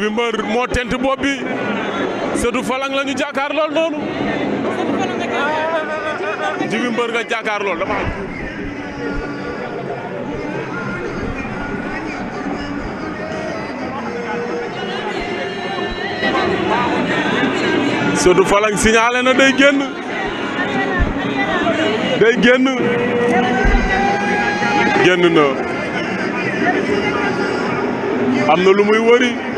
bi mbër moo bi Sëtu Falang la ñu jàkkaar lool noonu jibi mbër nga jàkkaar na day génn day génn génn na am na lu muy wëri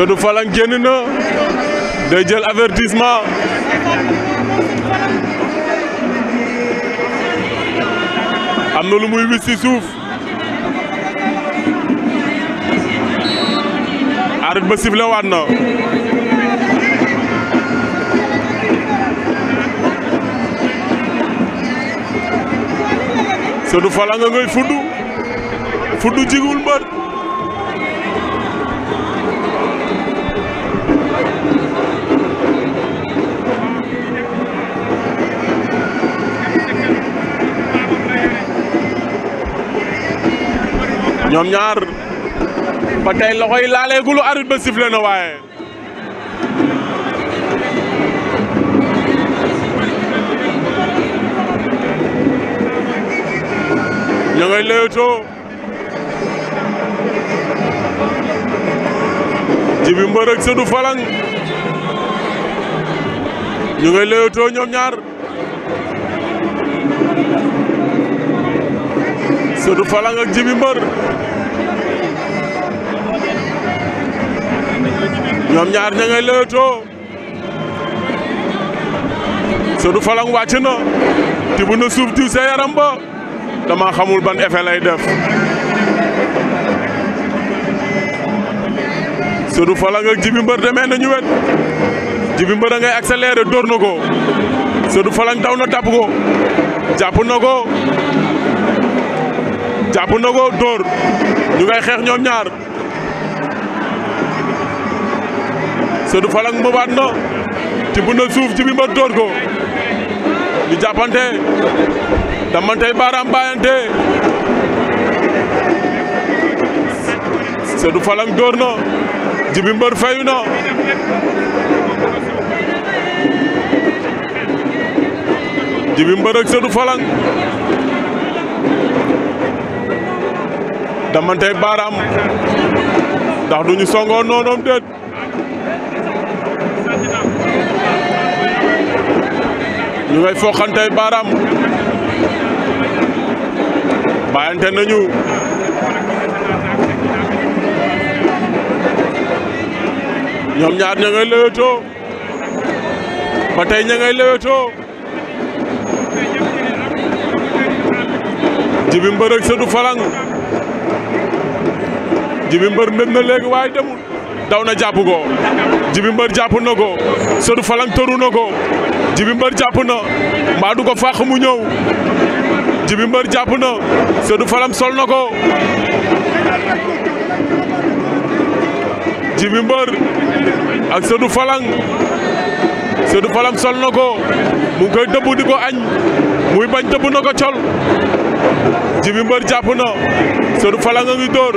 Sodou Falang génn na day jël avertissement am na lu muy wis ci suuf arbitre ba sifflé waat na Sodou Falang a ngay fudd fudd jigul mbër ñoom ñaar ba loxo yi laaleegulu arbitre ba sifflé na waaye. ña ngay léetoo jibi ak Sëdu Falang ñu ngay léetoo ñoom ñaar sodu Falang ak jibi ñoom ñaar ña ngay lëytoo Sodou Falang wàcc na tibb na suuf diw sa yaram ba dama xamul ban effet lay def Sodou Falang ak Djibi Mbeur demee nañu wet Djibi Mbeur ngay accéléré dóor na ko Sodou Falang daw na dab ko jàpp na ko jàpp na ko dóor ñu ngay xeex ñoom ñaar Seydou Falang mbabaat na tibb na suuf jibi mba dóor ko di damantey baaraam bàyyante Seydou Falang dóor na jibi mbër fayu na jibi mbër ak Seydou Falang damantey baaraam ndax duñu songoon noonoom déet ñu ngay foqante baaraam bàyyante nañu ñoom ñaar ña ngay lëwetoo ba tey jibi mbër ak Sëdu Falang jibi mbër mbër na léegi waaye demul daw na jàpp ko jibi mbër jàpp na ko Sodou Falang tëru na ko jibi mbër jàpp na mbaa du ko fàq mu ñëw jibi mbër jàpp na Sodou Falang sol na ko jibi mbër ak Sodou Falang sol na ko mu ngi koy dëbb di ko añ muy bañ dëbb na ko col jibi mbër jàpp na Sodou Falang a ngi dóor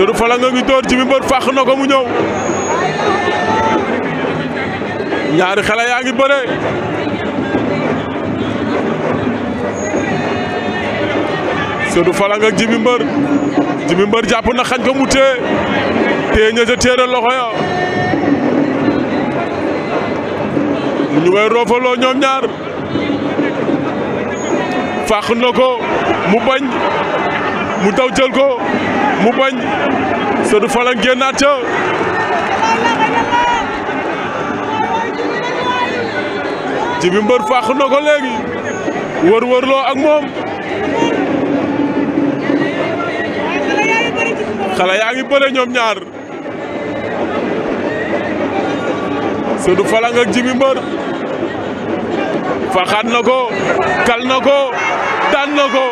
Sëru Falanga ngi door Jimi Mbër na ko mu ñëw ñaari xale yaa ngi bëre Sëru Falanga ak Jimi jàpp na xañ ko mu tee tee ña ca loxo ya ñu ngay roofaloo ñoom ñaar fàq na ko mu bañ mu daw jël ko mu bañ Sodou Falañ génnaat ca Jibi Mbër fàq na ko léegi wër ak moom xale yaa ngi bëre ñoom ñaar Sodou Falañ ak Jibi Mbër na ko kal na ko daan na ko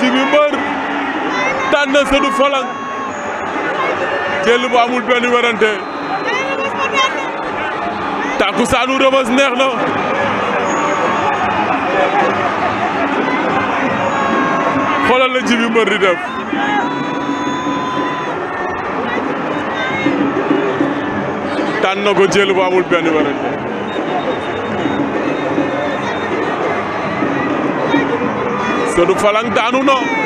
Jibi daan na Sëdu Falang jël bu amul benn werante takku saanu rëbës neex na xoolal la jibi mbër di na ko jël bu amul benn werante Sëdu Falang daanu na